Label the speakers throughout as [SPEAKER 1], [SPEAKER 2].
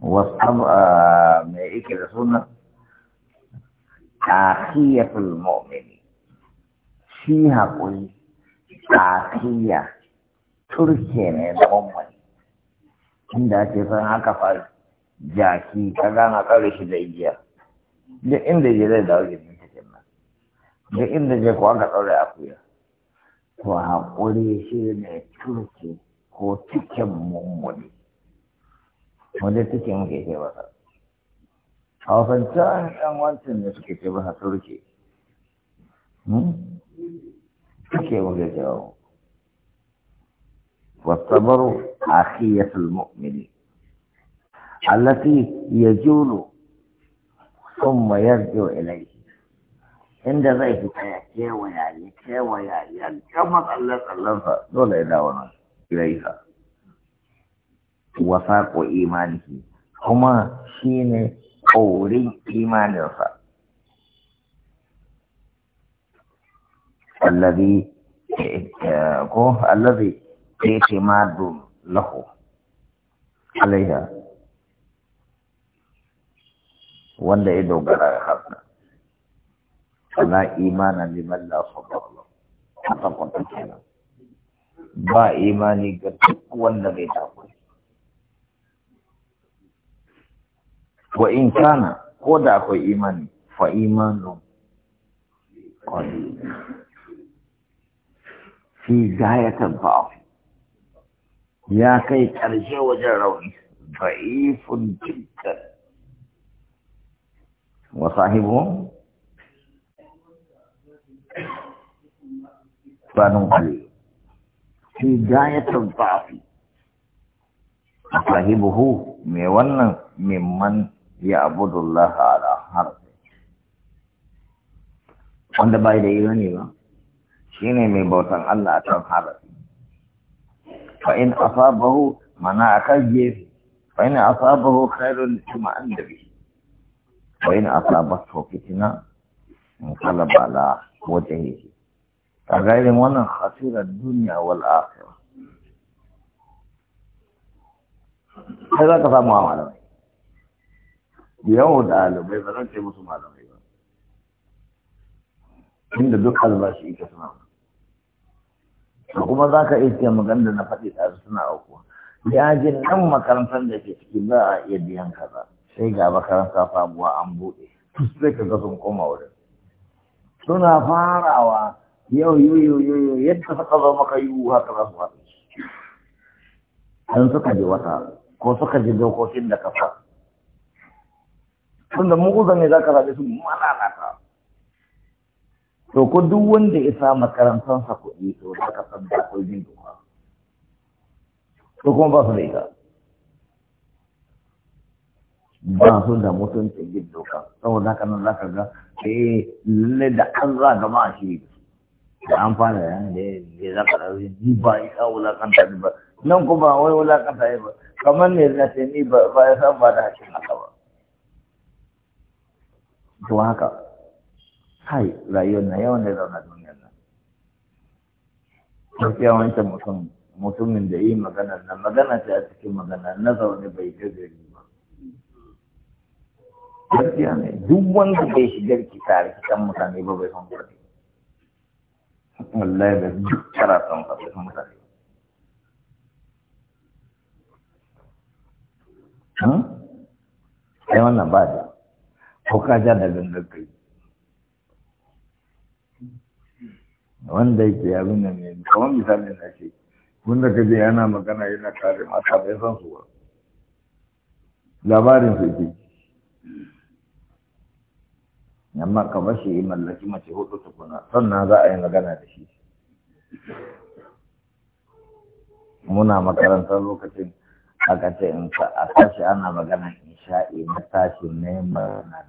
[SPEAKER 1] wasu mai ike da suna akiyatul mu'mini shi haƙuri akiya turke ne da mummuni inda ake son haka faru jaki ka gana tsare shi da igiya duk inda je zai dawo jirgin cikin nan duk inda je kuwa ka tsare akuya to haƙuri shi ne turke ko cikin mummuni mu suke muke ce ba sa a wasance ɗan wancan ne suke ce ba sa turke hmm? suke muke ce wasu wasabaru a khiyatul ya allati yajulu thumma yarju ilayhi inda zai fi kaya, kewaya ya kewaya ya kama tsallar tsallarsa dole ya dawo nan ilaiha wasaƙo imanihi kuma shi ne ƙaurin imaninsa allazi ko allazi ya ce madu laho, alaiha wanda ya dogara ya haka ala imana liman la sabar ba imani ga duk wanda bai takwai. wa in kana ko da akwai imani fa imanun qalil fi gayatil da'f ya kai ƙarshe wajen rauni da'ifun jiddan wa sahibu banun qalil fi gayatil da'f sahibuhu me wannan mimman يعبد الله ala harfi wanda bai da imani ba Shi ne mai bautan Allah akan harfi fa in asabahu mana kan gefe fa in asabahu khairul tuma'an da bihi fa in asabahu fitna inqalaba wajen wajhihi kaga irin wannan hasirar duniya wal akhirah sai za ka samu a yau ɗalibai ba zan ce musu malamai ba inda duk albashi ita suna ba kuma za ka iya magana da na faɗi tare suna aukuwa ya ji nan makarantar da ke cikin ba a iya biyan kaza sai ga makaranta sabuwa an buɗe sai ka ga sun koma wurin suna farawa yau yau yau yadda suka zo maka yiwu ka za su faɗi an suka ji wata ko suka ji dokokin da kafa tunda mu ne za ka zabe su malalata to ko duk wanda ya sa makarantansa kuɗi to ka san da akwai bin doka to kuma ba su da ita ba su da mutuncin jin doka saboda haka nan ka ga eh lalle da an za gama shi da an fara yan da ya ka rauni ni ba ya wulakanta ba nan kuma wai wulakanta ya ba kamar ne na ce ni ba ya san ba da hakin haka ba to haka hai rayuwar na yawan da zauna duniyar nan gaskiya wancan mutum mutumin da yi magana na magana ta a cikin magana na zaune bai da gari ba gaskiya ne duk wanda bai shigar kitare kitan mutane ba bai san kwaɗi wallahi da duk karatun ba bai san mutane hmm? ai wannan ba da ko ja da gangan kai wanda yake abin nan ne kamar misalin na ce wanda ka je yana magana yana kare mata bai san su ba labarin su ke amma ba shi mallaki mace hudu tukuna sannan za a yi magana da shi muna makarantar lokacin a kace in ka a tashi ana magana in sha'i na tashi ne magana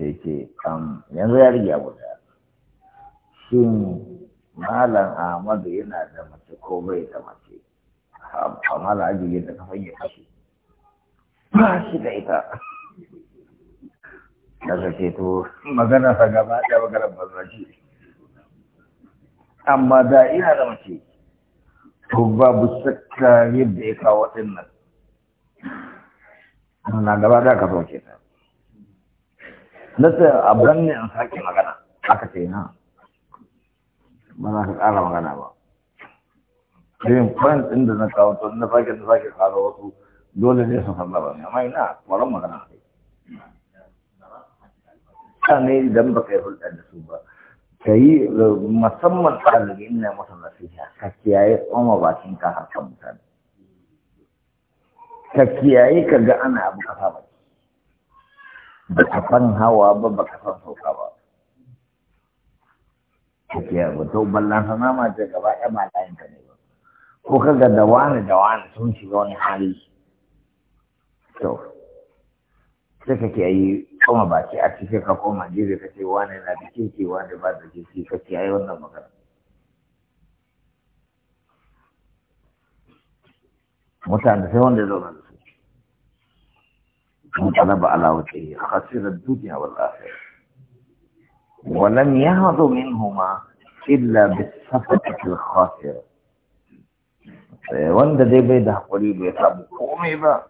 [SPEAKER 1] sai ce yanzu ya rige abu da shin malam ahmadu yana da mace ko bai da mace a malam ajiye da kafan ya kashe ba shi da ita daga ce to magana sa gaba da magana bazarci amma da ina da mace to babu sakka yadda ya kawo waɗannan na gaba da ka sauke ta na ce a banne sake magana aka ce na ba za ka ƙara magana ba irin point ɗin da na kawo to na sake na sake kawo wasu
[SPEAKER 2] dole ne su
[SPEAKER 1] ba ne amma ina kwaron magana kai ne idan ba ka yi hulɗa da su ba ka yi musamman ɗalibi ina masa nasiha ka kiyaye tsoma bakin ka harkar mutane
[SPEAKER 2] ka kiyaye ka
[SPEAKER 1] ga ana abu ka saba ba ka san hawa ba ba ka san sauka ba tafiya ba to ballan sana ma ce gaba ɗaya ma layin ka ne ba ko ka ga da wani da wani sun shiga wani hali to sai ka ke yi koma baki a cikin ka koma jere ka ce wani na da kirki wani ba da kirki ka ke yi wannan magana mutane sai wanda ya zauna da su انقلب على وجهه خسر الدنيا والآخرة ولم يهض منهما إلا بالصفقة الخاسرة وان ده دي بيده قريب يطلب قومي با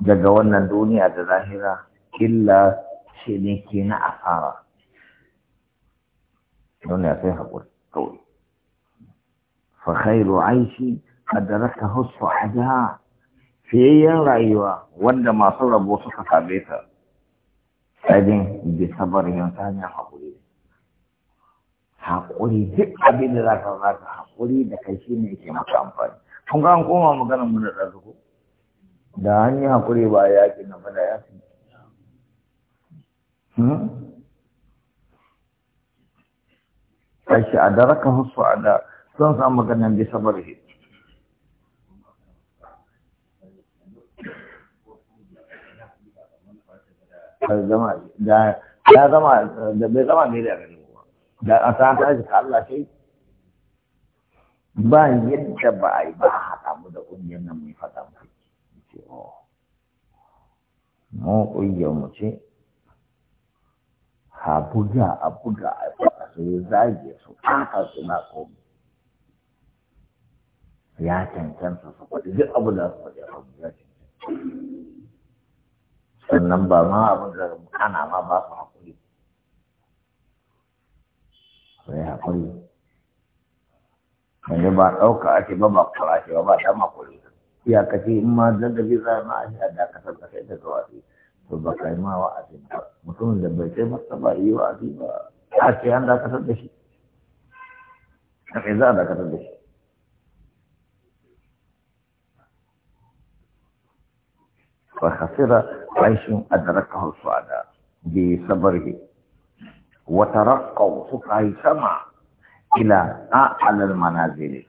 [SPEAKER 1] ده الدنيا ده إلا سنكين أثارا دنيا فيها قول فخير عيش أدركه الصحابة fiyayyen rayuwa wanda masu rabo suka same ta ajin bi sabar yin hanyar haƙuri haƙuri duk abin da za ka za ka haƙuri da kai shi ne ke maka amfani kun ga an koma magana mu da ɗazuku da hanyar haƙuri ba ya yaƙi na bada ya fi Kashi hmm? a daraka hussu a da son samu ganin bi sabarin zama ya zama da bai zama ne da gani da a ta ta shi Allah sai ba yadda ba a yi ba a haɗa mu da ƙungiyar nan mai faɗa mu ce o oh, mu ƙungiyar mu ce ha buga a buga a faɗa su yi zage su ƙaƙa su na komi ya cancanta su faɗi duk abu da su faɗi a faɗi ya cancanta sannan ba ma abin da ana ma ba su haƙuri sai haƙuri yanzu ba ɗauka ake ba ba kwara ake ba ba ta makuri iyakaci in ma zagabi za ma a sha dakatar da kai da zawasi to ba kai ma wa'azi ba mutumin da bai kai masa ba yi wa'azi ba a ce an dakatar da shi a kai za a dakatar da shi fa khasira laishin adaraka hausu da bi sabari wata rakkau suka yi sama ila a alal manazili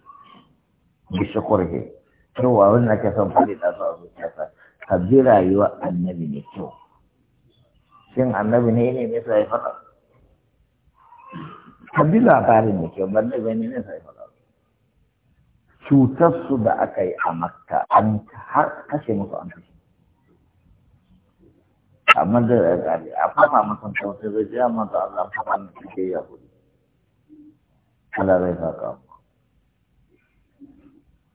[SPEAKER 1] bi shakurhe cewa wani ake son fari da su a zuciyarsa ka bi rayuwa annabi ne kyau shin annabi ne ne mai sai fada ka bi labarin ne kyau ban da bai ne sai Cutar su da aka yi a makka an kashe musu an kashe amma da gari a fama mutum tausayi zai ji amma da Allah fama na cike ya hudu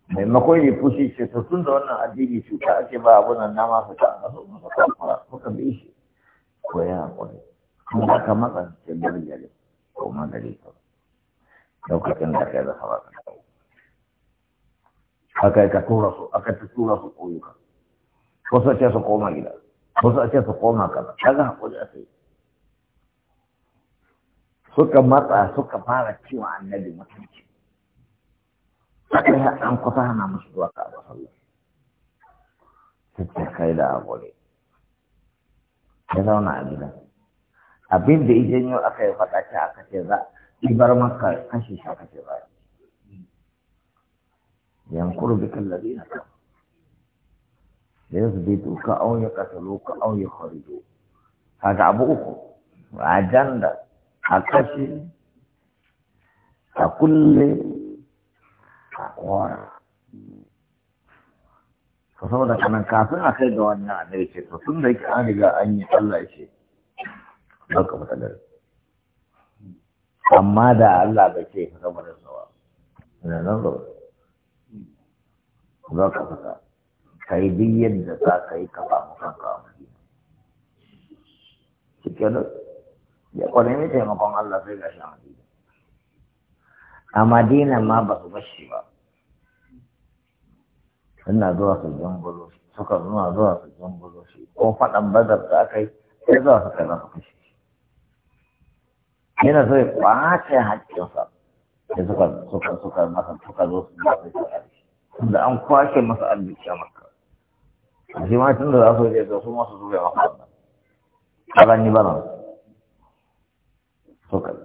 [SPEAKER 1] maimakon yi fushi ce to tun da wannan addini cuta ake ba abu nan na masu ta a bi shi ko ya ka matsa ce ko lokacin da kai ka ka tura su aka tura su koyuka wasu ce su koma gida wasu a ce su koma kaza kaza hakuri a sai suka matsa suka fara cewa annabi mutunci aka yi an kusa hana musu zuwa ka ba sallah sai kai da hakuri ya zauna a gidan abin da idan yau aka yi faɗa ce aka ce za ibar maka kashi shi aka ce ba yankuru bikin lalina kama yasbitu ka aw ya yaqtulu ka aw ya kharidu hada abu uku ajanda akashi a kulle a kora to saboda kanan kafin a kai ga wannan annabi ce to tun da yake an riga an yi Allah ya ce baka matsalar amma da Allah bai ce ka gama da zawa ina nan zawa ba ka fasa ka yi duk yadda za ka yi ka samu kanka a madina cikin ya kwanemi taimakon Allah sai ga shi a madina a madina ma ba su bashi ba suna zuwa su zambulo suka zuwa zuwa su zambulo shi ko faɗan bazar da aka yi sai zuwa su kaza su kashe yana so ya kwace haƙƙinsa sai suka suka suka masa suka zo su ba su da an kwashe masa arziki a maka shi ma tun da za su je to su masu zuwa wa A kalan ni bana yi kai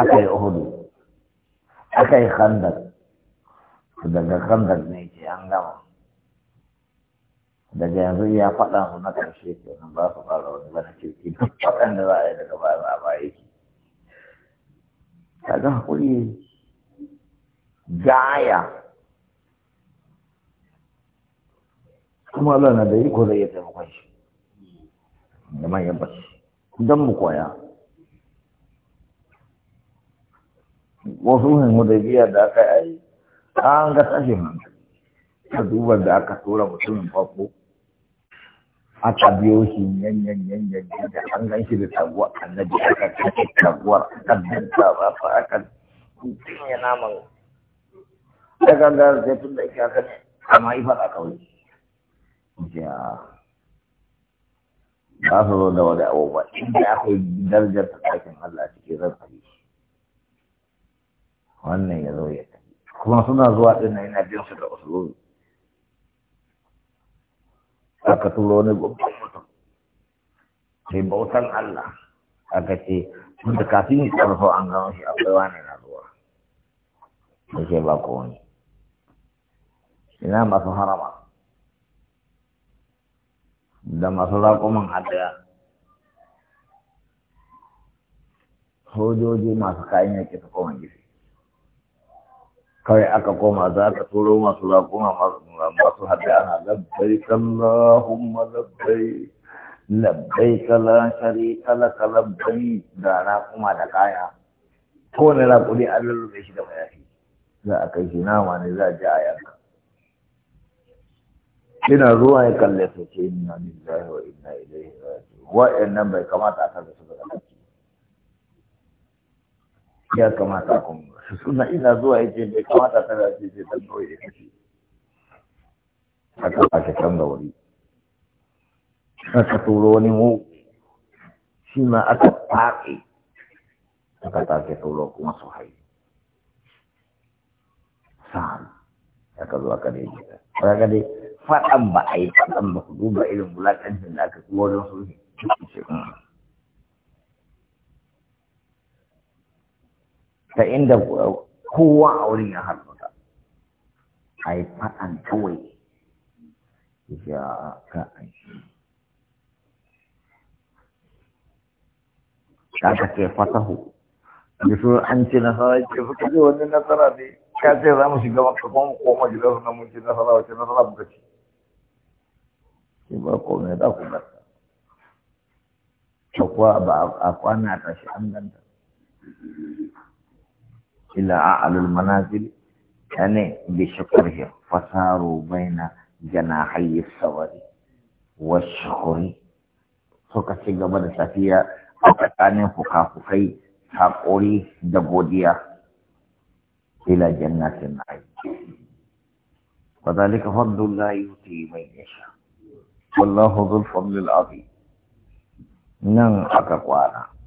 [SPEAKER 1] akai uhudu yi khandaq daga khandaq ne ke an gama daga yanzu ya faɗa su na ƙarshe ke nan ba su fara wani ba na kirki duk faɗan da za a yi daga baya ba ba yake kaga hakuri gaya kuma Allah na da iko zai iya taimakon shi da manyan bashi don mu koya wasu muhimmu da biya da aka yi an ga tashin hankali ta duba da aka tura mutumin farko aka biyo shi yan yan yan yan da an gan shi da taguwa annabi aka kashe taguwar ka danta ba fa aka tinye naman daga da zai tun da ake aka amma yi ka kawai ja ba su zo da wani abu ba inda akwai darajar tsakin Allah cikin zan wannan ya zo ya tafi kuma suna zuwa din na yana jin su da usulun aka turo wani babban mutum sai bautan Allah aka ce da kafin ya an gano shi akwai wani na zuwa da ke ba ko ina masu harama da masu raƙuman hadaya sojoji masu kayan yaƙi ta koma gifi kawai aka koma za ka turo masu raƙuma masu hadaya ana labbai kallahumma labbai labbai kala shari kala kala bai da raƙuma da kaya kowane raƙuri an lulluɓe shi da mayafi za a kai shi nama ne za a ji a yanka ina zuwa ya kalle su ce inna lillahi wa inna ilaihi raji'un wa'annan bai kamata a kalle su daga kanki ya kamata kun suna ina zuwa ya ce bai kamata ta race ce dan kawai ya kace haka ake kan da wuri aka turo wani mu shi ma aka faɗi aka take turo kuma su hai sa'an aka ka aka ne gida kaga dai faɗan ba a yi faɗan ba ku duba irin wulaƙancin da aka kuma wajen sulhi ta inda kowa a wurin ya harfuta a yi faɗan kawai ya ka a yi kaka ke fatahu da su an ci nasara ke suka ji wani nasara ne ka ce za mu shiga maka kuma mu koma gida suna mun ci nasara wace nasara muka ci shi ba komai za ku barka ta kuwa ba a kwana ta shi an ganta ila a alul manazil kane bi shakurhi fasaru baina janahayi sawari wa shukuri suka ci gaba da safiya a tsakanin fuka-fukai haƙuri da godiya إلى جنات النعيم وذلك فضل الله يؤتي من يشاء والله ذو الفضل العظيم نن نعم، قوانا